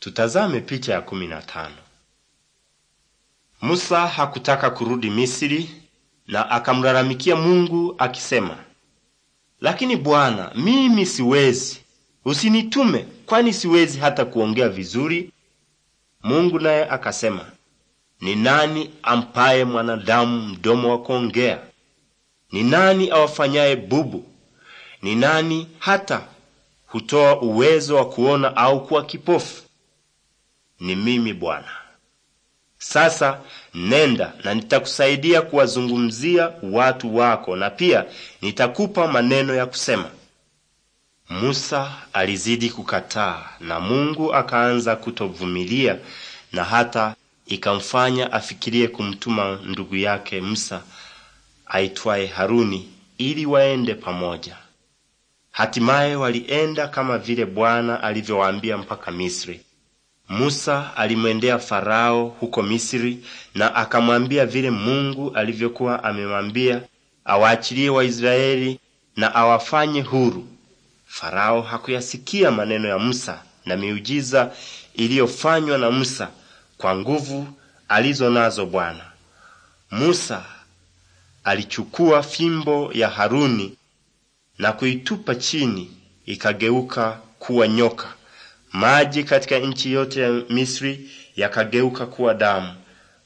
Tutazame picha ya kumi na tano. Musa hakutaka kurudi Misri na akamlalamikia Mungu akisema, lakini Bwana, mimi siwezi, usinitume, kwani siwezi hata kuongea vizuri. Mungu naye akasema, ni nani ampaye mwanadamu mdomo wa kuongea? Ni nani awafanyaye bubu? Ni nani hata hutoa uwezo wa kuona au kuwa kipofu? ni mimi Bwana. Sasa nenda na nitakusaidia kuwazungumzia watu wako na pia nitakupa maneno ya kusema. Musa alizidi kukataa na Mungu akaanza kutovumilia na hata ikamfanya afikirie kumtuma ndugu yake Musa aitwaye Haruni ili waende pamoja. Hatimaye walienda kama vile Bwana alivyowaambia mpaka Misri. Musa alimwendea Farao huko Misri na akamwambia vile Mungu alivyokuwa amemwambia awaachilie Waisraeli na awafanye huru. Farao hakuyasikia maneno ya Musa na miujiza iliyofanywa na Musa kwa nguvu alizo nazo Bwana. Musa alichukua fimbo ya Haruni na kuitupa chini, ikageuka kuwa nyoka. Maji katika nchi yote ya Misri yakageuka kuwa damu.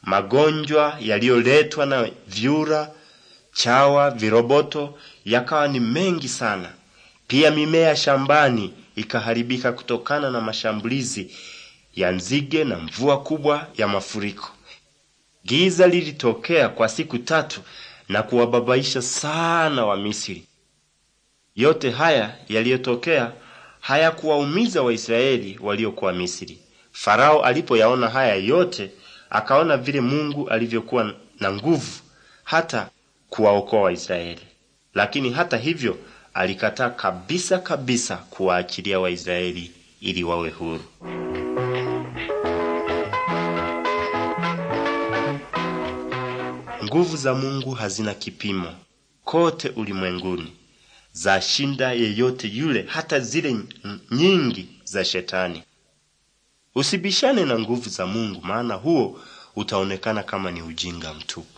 Magonjwa yaliyoletwa na vyura, chawa, viroboto yakawa ni mengi sana. Pia mimea shambani ikaharibika kutokana na mashambulizi ya nzige na mvua kubwa ya mafuriko. Giza lilitokea kwa siku tatu na kuwababaisha sana wa Misri. Yote haya yaliyotokea hayakuwaumiza Waisraeli waliokuwa Misri. Farao alipoyaona haya yote, akaona vile Mungu alivyokuwa na nguvu hata kuwaokoa Waisraeli. Lakini hata hivyo alikataa kabisa kabisa kuwaachilia Waisraeli ili wawe huru. Nguvu za Mungu hazina kipimo kote ulimwenguni za shinda yeyote yule, hata zile nyingi za Shetani. Usibishane na nguvu za Mungu, maana huo utaonekana kama ni ujinga mtupu.